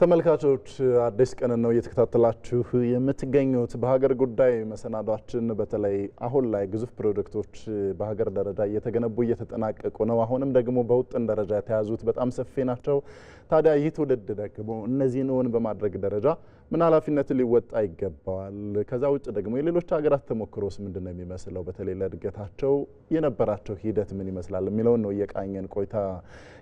ተመልካቾች አዲስ ቀን ነው እየተከታተላችሁ የምትገኙት። በሀገር ጉዳይ መሰናዷችን በተለይ አሁን ላይ ግዙፍ ፕሮጀክቶች በሀገር ደረጃ እየተገነቡ እየተጠናቀቁ ነው። አሁንም ደግሞ በውጥን ደረጃ የተያዙት በጣም ሰፊ ናቸው። ታዲያ ይህ ትውልድ ደግሞ እነዚህን እውን በማድረግ ደረጃ ምን ኃላፊነት ሊወጣ ይገባዋል? ከዛ ውጭ ደግሞ የሌሎች ሀገራት ተሞክሮስ ምንድን ነው የሚመስለው? በተለይ ለእድገታቸው የነበራቸው ሂደት ምን ይመስላል የሚለውን ነው እየቃኘን ቆይታ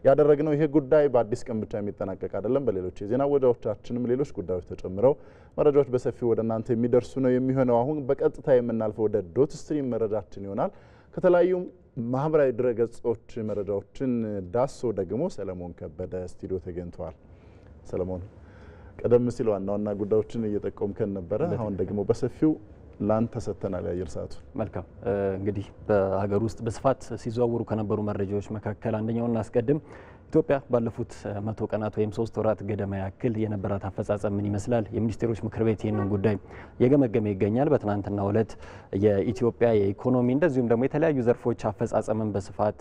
ያደረግነው። ይህ ጉዳይ በአዲስ ቀን ብቻ የሚጠናቀቅ አይደለም። በሌሎች የዜና ወዳዎቻችንም ሌሎች ጉዳዮች ተጨምረው መረጃዎች በሰፊው ወደ እናንተ የሚደርሱ ነው የሚሆነው። አሁን በቀጥታ የምናልፈው ወደ ዶት ስትሪም መረጃችን ይሆናል። ከተለያዩ ማህበራዊ ድረገጾች መረጃዎችን ዳሶ ደግሞ ሰለሞን ከበደ ስቱዲዮ ተገኝተዋል። ሰለሞን ቀደም ሲል ዋና ዋና ጉዳዮችን እየጠቆምከን ነበረ። አሁን ደግሞ በሰፊው ላን ሰጥተናል የአየር ሰዓቱ። መልካም እንግዲህ በሀገር ውስጥ በስፋት ሲዘዋወሩ ከነበሩ መረጃዎች መካከል አንደኛውን አስቀድም ኢትዮጵያ ባለፉት መቶ ቀናት ወይም ሶስት ወራት ገደማ ያክል የነበራት አፈጻጸም ምን ይመስላል? የሚኒስቴሮች ምክር ቤት ይህንን ጉዳይ የገመገመ ይገኛል። በትናንትናው ዕለት የኢትዮጵያ የኢኮኖሚ እንደዚሁም ደግሞ የተለያዩ ዘርፎች አፈጻጸምን በስፋት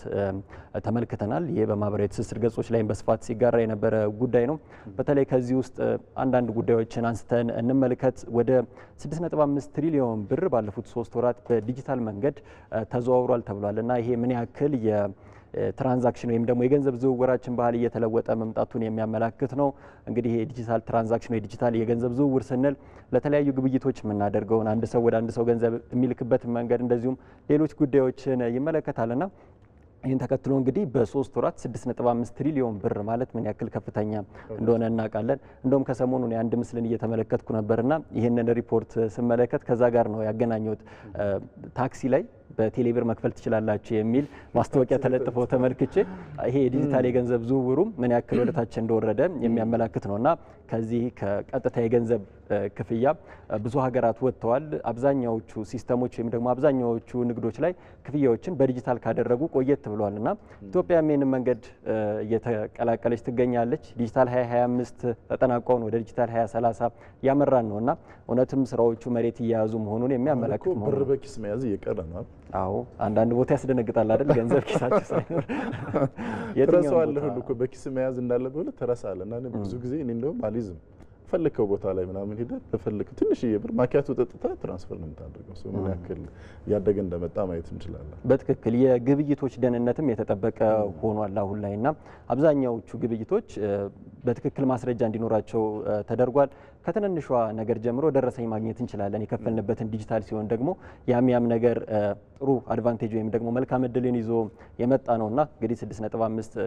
ተመልክተናል። ይህ በማህበራዊ ትስስር ገጾች ላይም በስፋት ሲጋራ የነበረ ጉዳይ ነው። በተለይ ከዚህ ውስጥ አንዳንድ ጉዳዮችን አንስተን እንመልከት። ወደ 6.5 ትሪሊዮን ብር ባለፉት ሶስት ወራት በዲጂታል መንገድ ተዘዋውሯል ተብሏል እና ይሄ ምን ያክል ትራንዛክሽን ወይም ደግሞ የገንዘብ ዝውውራችን ባህል እየተለወጠ መምጣቱን የሚያመላክት ነው። እንግዲህ የዲጂታል ትራንዛክሽን የዲጂታል ዲጂታል የገንዘብ ዝውውር ስንል ለተለያዩ ግብይቶች የምናደርገውን አንድ ሰው ወደ አንድ ሰው ገንዘብ የሚልክበትን መንገድ እንደዚሁም ሌሎች ጉዳዮችን ይመለከታልና ይህን ተከትሎ እንግዲህ በሶስት ወራት 6.5 ትሪሊዮን ብር ማለት ምን ያክል ከፍተኛ እንደሆነ እናውቃለን። እንደውም ከሰሞኑ አንድ ምስልን እየተመለከትኩ ነበርና ይህንን ሪፖርት ስመለከት ከዛ ጋር ነው ያገናኘሁት ታክሲ ላይ በቴሌብር መክፈል ትችላላችሁ የሚል ማስታወቂያ ተለጥፎ ተመልክቼ ይሄ የዲጂታል የገንዘብ ዝውውሩም ምን ያክል ወደታች እንደወረደ የሚያመላክት ነው እና ከዚህ ከቀጥታ የገንዘብ ክፍያ ብዙ ሀገራት ወጥተዋል። አብዛኛዎቹ ሲስተሞች ወይም ደግሞ አብዛኛዎቹ ንግዶች ላይ ክፍያዎችን በዲጂታል ካደረጉ ቆየት ብለዋል እና ኢትዮጵያ ይህንን መንገድ እየተቀላቀለች ትገኛለች። ዲጂታል 2025 ተጠናቋውን ወደ ዲጂታል 2030 ያመራን ነው እና እውነትም ስራዎቹ መሬት እየያዙ መሆኑን የሚያመላክት ብር በኪስ መያዝ እየቀረ ነው። አዎ አንዳንድ ቦታ ያስደነግጣል አይደል? ገንዘብ ኪሳቸው ሳይኖር ትረሳዋለህ ሁሉ እኮ በኪስ መያዝ እንዳለብህ ብለህ ትረሳለህ። እና ብዙ ጊዜ እኔ እንደውም አልይዝም ፈልከው ቦታ ላይ ምናምን ሄደ በፈልክ ትንሽ ብር ማኪያቱ ጠጥተህ ትራንስፈር ነው የምታደርገው። ሰው ምን ያክል እያደገ እንደመጣ ማየት እንችላለን። በትክክል የግብይቶች ደህንነትም የተጠበቀ ሆኗል አሁን ላይ እና አብዛኛዎቹ ግብይቶች በትክክል ማስረጃ እንዲኖራቸው ተደርጓል። ከትንንሿ ነገር ጀምሮ ደረሰኝ ማግኘት እንችላለን። የከፈልንበትን ዲጂታል ሲሆን ደግሞ ያም ያም ነገር ጥሩ አድቫንቴጅ ወይም ደግሞ መልካም እድልን ይዞ የመጣ ነውና እንግዲህ 6.5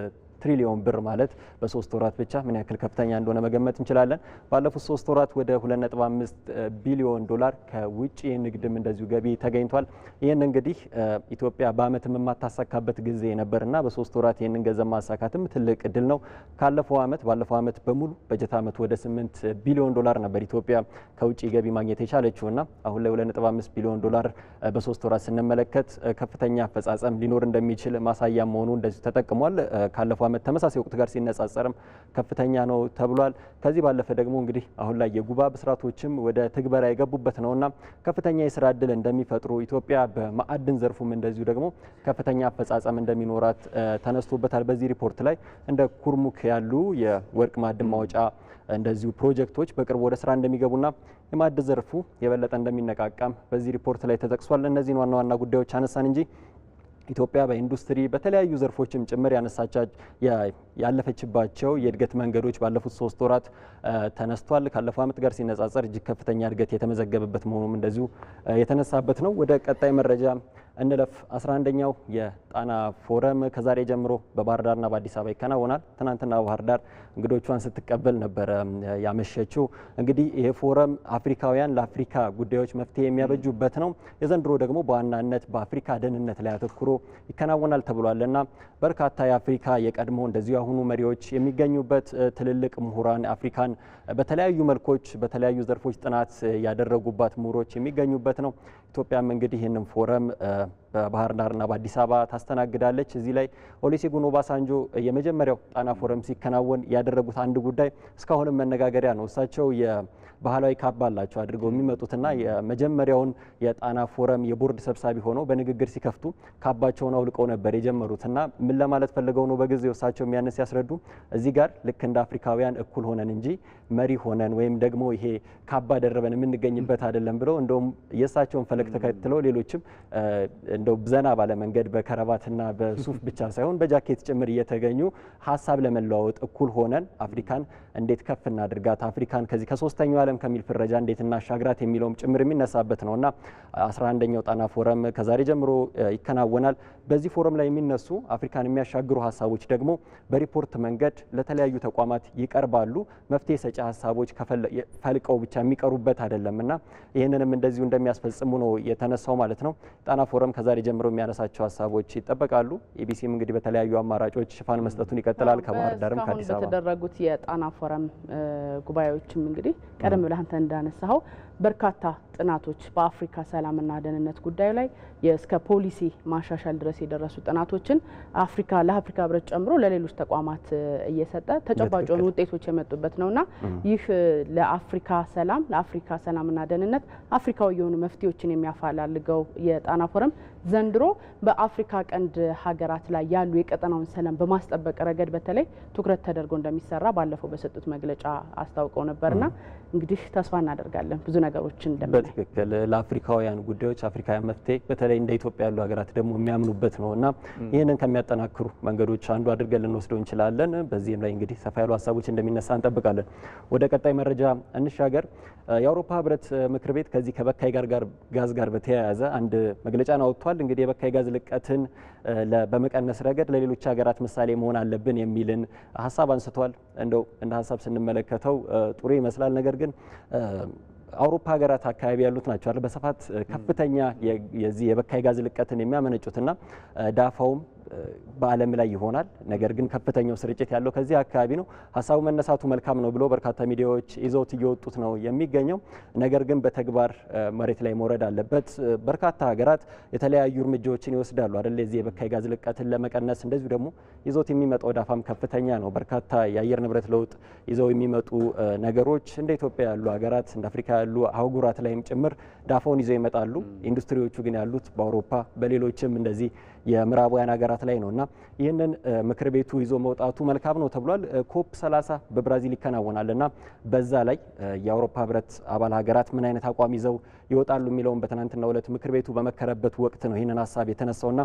ትሪሊዮን ብር ማለት በሶስት ወራት ብቻ ምን ያክል ከፍተኛ እንደሆነ መገመት እንችላለን። ባለፉት ሶስት ወራት ወደ 2.5 ቢሊዮን ዶላር ከውጭ ንግድም እንደዚሁ ገቢ ተገኝቷል። ይህን እንግዲህ ኢትዮጵያ በአመት የማታሳካበት ጊዜ ነበርና በሶስት ወራት ይህንን ገንዘብ ማሳካትም ትልቅ እድል ነው። ካለፈው ዓመት ባለፈው ዓመት በሙሉ በጀት ዓመት ወደ 8 ቢሊዮን ዶላር ነበር ኢትዮጵያ ከውጭ ገቢ ማግኘት የቻለችውና አሁን ላይ 2.5 ቢሊዮን ዶላር በሶስት ወራት ስንመለ ስንመለከት ከፍተኛ አፈጻጸም ሊኖር እንደሚችል ማሳያ መሆኑ እንደዚሁ ተጠቅሟል። ካለፈው ዓመት ተመሳሳይ ወቅት ጋር ሲነጻጸርም ከፍተኛ ነው ተብሏል። ከዚህ ባለፈ ደግሞ እንግዲህ አሁን ላይ የጉባ ብስራቶችም ወደ ትግበራ የገቡበት ነውና ከፍተኛ የስራ እድል እንደሚፈጥሩ ኢትዮጵያ በማዕድን ዘርፉም እንደዚሁ ደግሞ ከፍተኛ አፈጻጸም እንደሚኖራት ተነስቶበታል። በዚህ ሪፖርት ላይ እንደ ኩርሙክ ያሉ የወርቅ ማዕድን ማውጫ እንደዚሁ ፕሮጀክቶች በቅርቡ ወደ ስራ እንደሚገቡና የማዕድን ዘርፉ የበለጠ እንደሚነቃቃም በዚህ ሪፖርት ላይ ተጠቅሷል። እነዚህን ዋና ዋና ጉዳዮች አነሳን እንጂ ኢትዮጵያ በኢንዱስትሪ በተለያዩ ዘርፎችም ጭምር ያለፈችባቸው የእድገት መንገዶች ባለፉት ሶስት ወራት ተነስቷል። ካለፈው ዓመት ጋር ሲነጻጸር እጅግ ከፍተኛ እድገት የተመዘገበበት መሆኑም እንደዚሁ የተነሳበት ነው። ወደ ቀጣይ መረጃ እንለፍ። 11ኛው የጣና ፎረም ከዛሬ ጀምሮ በባህር ዳርና በአዲስ አበባ ይከናወናል። ትናንትና ባህር ዳር እንግዶቿን ስትቀበል ነበረ ያመሸችው። እንግዲህ ይሄ ፎረም አፍሪካውያን ለአፍሪካ ጉዳዮች መፍትሄ የሚያበጁበት ነው። የዘንድሮ ደግሞ በዋናነት በአፍሪካ ደህንነት ላይ አተኩሮ ይከናወናል ተብሏል እና በርካታ የአፍሪካ የቀድሞ እንደዚሁ የአሁኑ መሪዎች የሚገኙበት ትልልቅ ምሁራን አፍሪካን በተለያዩ መልኮች በተለያዩ ዘርፎች ጥናት ያደረጉባት ምሁሮች የሚገኙበት ነው። ኢትዮጵያም እንግዲህ ይህንን ፎረም them. በባህር ዳርና በአዲስ አበባ ታስተናግዳለች። እዚህ ላይ ኦሉሴጉን ኦባሳንጆ የመጀመሪያው ጣና ፎረም ሲከናወን ያደረጉት አንድ ጉዳይ እስካሁንም መነጋገሪያ ነው። እሳቸው ባህላዊ ካባ አላቸው አድርገው የሚመጡትና የመጀመሪያውን የጣና ፎረም የቦርድ ሰብሳቢ ሆነው በንግግር ሲከፍቱ ካባቸውን አውልቀው ነበር የጀመሩት እና ምን ለማለት ፈልገው ነው በጊዜው እሳቸው የሚያነስ ያስረዱ እዚህ ጋር ልክ እንደ አፍሪካውያን እኩል ሆነን እንጂ መሪ ሆነን ወይም ደግሞ ይሄ ካባ ደረበን የምንገኝበት አይደለም ብለው እንደውም የእሳቸውን ፈለግ ተከትለው ሌሎችም እንደው ዘና ባለ መንገድ በከረባትና በሱፍ ብቻ ሳይሆን በጃኬት ጭምር እየተገኙ ሀሳብ ለመለዋወጥ እኩል ሆነን አፍሪካን እንዴት ከፍ እናድርጋት፣ አፍሪካን ከዚህ ከሶስተኛው ዓለም ከሚል ፍረጃ እንዴት እናሻግራት የሚለውም ጭምር የሚነሳበት ነውና 11ኛው ጣና ፎረም ከዛሬ ጀምሮ ይከናወናል። በዚህ ፎረም ላይ የሚነሱ አፍሪካን የሚያሻግሩ ሀሳቦች ደግሞ በሪፖርት መንገድ ለተለያዩ ተቋማት ይቀርባሉ። መፍትሄ ሰጪ ሀሳቦች ፈልቀው ብቻ የሚቀሩበት እና ይህንንም እንደዚሁ እንደሚያስፈጽሙ ነው የተነሳው ማለት ነው ጣና ፎረም ከዛሬ ጀምሮ የሚያነሳቸው ሀሳቦች ይጠበቃሉ። ኢቢሲም እንግዲህ በተለያዩ አማራጮች ሽፋን መስጠቱን ይቀጥላል። ከባህር ዳርም ከአዲስ አበባ በተደረጉት የጣና ፎረም ጉባኤዎችም እንግዲህ ቀደም ብለህ አንተ እንዳነሳኸው በርካታ ጥናቶች በአፍሪካ ሰላምና ደህንነት ጉዳይ ላይ እስከ ፖሊሲ ማሻሻል ድረስ የደረሱ ጥናቶችን አፍሪካ ለአፍሪካ ህብረት ጨምሮ ለሌሎች ተቋማት እየሰጠ ተጨባጭ የሆኑ ውጤቶች የመጡበት ነውና ይህ ለአፍሪካ ሰላም ለአፍሪካ ሰላምና ደህንነት አፍሪካዊ የሆኑ መፍትሄዎችን የሚያፈላልገው የጣና ፎረም ዘንድሮ በአፍሪካ ቀንድ ሀገራት ላይ ያሉ የቀጠናውን ሰላም በማስጠበቅ ረገድ በተለይ ትኩረት ተደርጎ እንደሚሰራ ባለፈው በሰጡት መግለጫ አስታውቀው ነበርና እንግዲህ ተስፋ እናደርጋለን ብዙ ነገሮችን እንደምናይ። በትክክል ለአፍሪካውያን ጉዳዮች አፍሪካውያን መፍትሄ በተለይ እንደ ኢትዮጵያ ያሉ ሀገራት ደግሞ የሚያምኑበት ነው እና ይህንን ከሚያጠናክሩ መንገዶች አንዱ አድርገን ልንወስደው እንችላለን። በዚህም ላይ እንግዲህ ሰፋ ያሉ ሀሳቦች እንደሚነሳ እንጠብቃለን። ወደ ቀጣይ መረጃ እንሻገር። የአውሮፓ ህብረት ምክር ቤት ከዚህ ከበካይ ጋዝ ጋር በተያያዘ አንድ መግለጫን አውጥቷል። በመውሰድ እንግዲህ የበካይ ጋዝ ልቀትን በመቀነስ ረገድ ለሌሎች ሀገራት ምሳሌ መሆን አለብን የሚልን ሀሳብ አንስተዋል። እንደው እንደ ሀሳብ ስንመለከተው ጥሩ ይመስላል። ነገር ግን አውሮፓ ሀገራት አካባቢ ያሉት ናቸው በስፋት ከፍተኛ የዚህ የበካይ ጋዝ ልቀትን የሚያመነጩትና ዳፋውም በዓለም ላይ ይሆናል። ነገር ግን ከፍተኛው ስርጭት ያለው ከዚህ አካባቢ ነው። ሀሳቡ መነሳቱ መልካም ነው ብሎ በርካታ ሚዲያዎች ይዘውት እየወጡት ነው የሚገኘው። ነገር ግን በተግባር መሬት ላይ መውረድ አለበት። በርካታ ሀገራት የተለያዩ እርምጃዎችን ይወስዳሉ አደለ የዚህ የበካይ ጋዝ ልቀትን ለመቀነስ እንደዚሁ ደግሞ ይዘውት የሚመጣው ዳፋም ከፍተኛ ነው። በርካታ የአየር ንብረት ለውጥ ይዘው የሚመጡ ነገሮች እንደ ኢትዮጵያ ያሉ ሀገራት እንደ አፍሪካ ያሉ አህጉራት ላይም ጭምር ዳፋውን ይዘው ይመጣሉ። ኢንዱስትሪዎቹ ግን ያሉት በአውሮፓ በሌሎችም እንደዚህ የምዕራባውያን ሀገራት ጥናት ላይ ነው እና ይህንን ምክር ቤቱ ይዞ መውጣቱ መልካም ነው ተብሏል። ኮፕ 30 በብራዚል ይከናወናል እና በዛ ላይ የአውሮፓ ህብረት አባል ሀገራት ምን አይነት አቋም ይዘው ይወጣሉ የሚለውን በትናንትናው ዕለት ምክር ቤቱ በመከረበት ወቅት ነው ይህንን ሀሳብ የተነሳው ና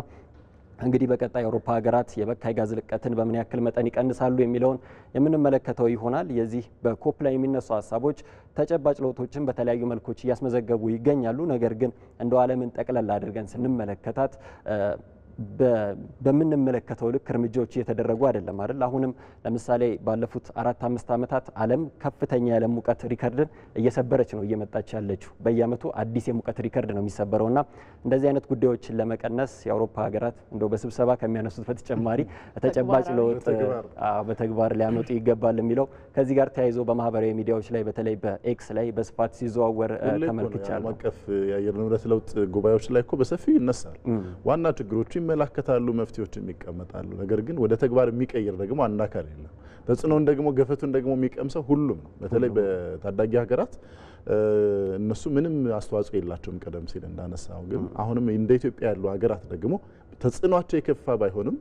እንግዲህ በቀጣይ የአውሮፓ ሀገራት የበካይ ጋዝ ልቀትን በምን ያክል መጠን ይቀንሳሉ የሚለውን የምንመለከተው ይሆናል። የዚህ በኮፕ ላይ የሚነሱ ሀሳቦች ተጨባጭ ለውጦችን በተለያዩ መልኮች እያስመዘገቡ ይገኛሉ። ነገር ግን እንደው ዓለምን ጠቅለል አድርገን ስንመለከታት በምንመለከተው ልክ እርምጃዎች እየተደረጉ አይደለም አይደል? አሁንም ለምሳሌ ባለፉት አራት አምስት ዓመታት ዓለም ከፍተኛ ያለ ሙቀት ሪከርድን እየሰበረች ነው እየመጣች ያለችው። በየዓመቱ አዲስ የሙቀት ሪከርድ ነው የሚሰበረው እና እንደዚህ አይነት ጉዳዮችን ለመቀነስ የአውሮፓ ሀገራት እንደ በስብሰባ ከሚያነሱት በተጨማሪ ተጨባጭ ለውጥ በተግባር ሊያመጡ ይገባል የሚለው ከዚህ ጋር ተያይዞ በማህበራዊ ሚዲያዎች ላይ በተለይ በኤክስ ላይ በስፋት ሲዘዋወር ተመልክቻለሁ። ዓለም አቀፍ የአየር ንብረት ለውጥ ጉባኤዎች ላይ እኮ በሰፊው ይነሳል። ዋና ችግሮቹ ይመላከታሉ፣ መፍትሄዎችም ይቀመጣሉ። ነገር ግን ወደ ተግባር የሚቀይር ደግሞ አንድ አካል የለም። ተጽዕኖን ደግሞ ገፈቱን ደግሞ የሚቀምሰው ሁሉም ነው። በተለይ በታዳጊ ሀገራት እነሱ ምንም አስተዋጽኦ የላቸውም። ቀደም ሲል እንዳነሳው ግን አሁንም እንደ ኢትዮጵያ ያሉ ሀገራት ደግሞ ተጽዕኖቸው የከፋ ባይሆንም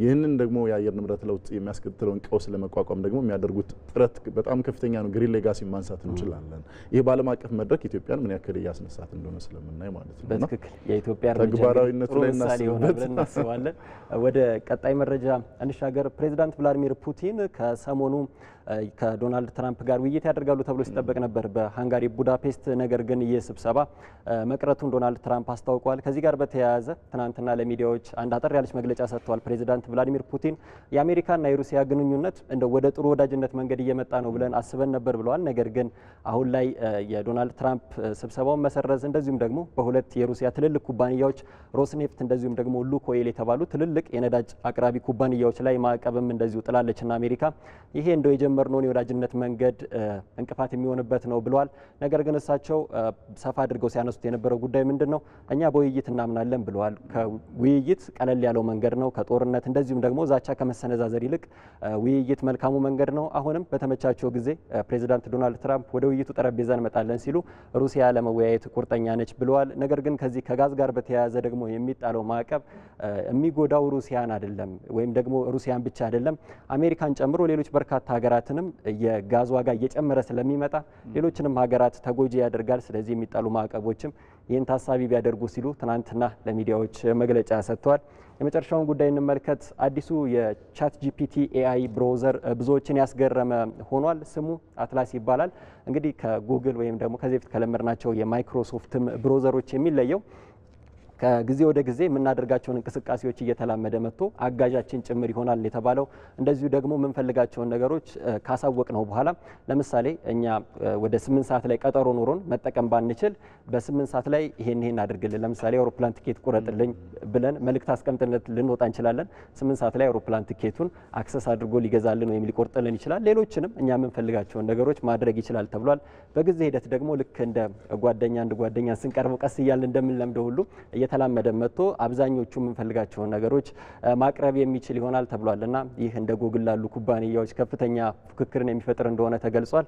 ይህንን ደግሞ የአየር ንብረት ለውጥ የሚያስከትለውን ቀውስ ለመቋቋም ደግሞ የሚያደርጉት ጥረት በጣም ከፍተኛ ነው። ግሪን ሌጋሲ ማንሳት እንችላለን። ይህ በዓለም አቀፍ መድረክ ኢትዮጵያን ምን ያክል እያስነሳት እንደሆነ ስለምናይ ማለት ነው። ላይ እናስባለን። ወደ ቀጣይ መረጃ እንሻገር። ፕሬዚዳንት ቭላዲሚር ፑቲን ከሰሞኑ ከዶናልድ ትራምፕ ጋር ውይይት ያደርጋሉ ተብሎ ሲጠበቅ ነበር በሃንጋሪ ቡዳፔስት። ነገር ግን ይህ ስብሰባ መቅረቱን ዶናልድ ትራምፕ አስታውቋል። ከዚህ ጋር በተያያዘ ትናንትና ለሚዲያዎች አንድ አጠር ያለች መግለጫ ሰጥተዋል። ፕሬዚዳንት ቭላዲሚር ፑቲን የአሜሪካና የሩሲያ ግንኙነት እንደ ወደ ጥሩ ወዳጅነት መንገድ እየመጣ ነው ብለን አስበን ነበር ብለዋል። ነገር ግን አሁን ላይ የዶናልድ ትራምፕ ስብሰባውን መሰረዝ እንደዚሁም ደግሞ በሁለት የሩሲያ ትልልቅ ኩባንያዎች ሮስኔፍት እንደዚሁም ደግሞ ሉኮይል የተባሉ ትልልቅ የነዳጅ አቅራቢ ኩባንያዎች ላይ ማዕቀብም እንደዚሁ ጥላለችና አሜሪካ ይሄ እንደው የጀመርነውን የወዳጅነት መንገድ እንቅፋት የሚሆንበት ነው ብለዋል። ነገር ግን እሳቸው ሰፋ አድርገው ሲያነሱት የነበረው ጉዳይ ምንድን ነው? እኛ በውይይት እናምናለን ብለዋል። ከውይይት ቀለል ያለው መንገድ ነው ከጦርነት እንደዚሁም ደግሞ ዛቻ ከመሰነዛዘር ይልቅ ውይይት መልካሙ መንገድ ነው። አሁንም በተመቻቸው ጊዜ ፕሬዚዳንት ዶናልድ ትራምፕ ወደ ውይይቱ ጠረጴዛ እንመጣለን ሲሉ ሩሲያ ለመወያየት ቁርጠኛ ነች ብለዋል። ነገር ግን ከዚህ ከጋዝ ጋር በተያያዘ ደግሞ የሚጣለው ማዕቀብ የሚጎዳው ሩሲያን አይደለም ወይም ደግሞ ሩሲያን ብቻ አይደለም አሜሪካን ጨምሮ ሌሎች በርካታ ሀገራት ሀገራትንም የጋዝ ዋጋ እየጨመረ ስለሚመጣ ሌሎችንም ሀገራት ተጎጂ ያደርጋል። ስለዚህ የሚጣሉ ማዕቀቦችም ይህን ታሳቢ ቢያደርጉ ሲሉ ትናንትና ለሚዲያዎች መግለጫ ሰጥተዋል። የመጨረሻውን ጉዳይ እንመልከት። አዲሱ የቻት ጂፒቲ ኤአይ ብሮዘር ብዙዎችን ያስገረመ ሆኗል። ስሙ አትላስ ይባላል። እንግዲህ ከጉግል ወይም ደግሞ ከዚህ በፊት ከለመድናቸው የማይክሮሶፍትም ብሮዘሮች የሚለየው ከጊዜ ወደ ጊዜ የምናደርጋቸውን እንቅስቃሴዎች እየተላመደ መጥቶ አጋዣችን ጭምር ይሆናል የተባለው እንደዚሁ ደግሞ የምንፈልጋቸውን ነገሮች ካሳወቅ ነው በኋላ ለምሳሌ እኛ ወደ ስምንት ሰዓት ላይ ቀጠሮ ኖሮን መጠቀም ባንችል በስምንት ሰዓት ላይ ይሄን ይሄን አድርግልን፣ ለምሳሌ አውሮፕላን ትኬት ቁረጥልኝ ብለን መልእክት አስቀምጥነት ልንወጣ እንችላለን። ስምንት ሰዓት ላይ አውሮፕላን ትኬቱን አክሰስ አድርጎ ሊገዛልን ወይም ሊቆርጥልን ይችላል። ሌሎችንም እኛ የምንፈልጋቸውን ነገሮች ማድረግ ይችላል ተብሏል። በጊዜ ሂደት ደግሞ ልክ እንደ ጓደኛ እንደ ጓደኛ ስንቀርበው ቀስ እያልን እንደምንለምደው ሁሉ እየተላመደ መጥቶ አብዛኞቹ የምንፈልጋቸውን ነገሮች ማቅረብ የሚችል ይሆናል ተብሏል እና ይህ እንደ ጎግል ላሉ ኩባንያዎች ከፍተኛ ፉክክርን የሚፈጥር እንደሆነ ተገልጿል።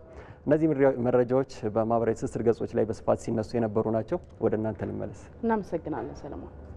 እነዚህ መረጃዎች በማህበራዊ ትስስር ገጾች ላይ በስፋት ሲነሱ የነበሩ ናቸው። ወደ እናንተ ልመለስ። እናመሰግናለን ሰለሞን።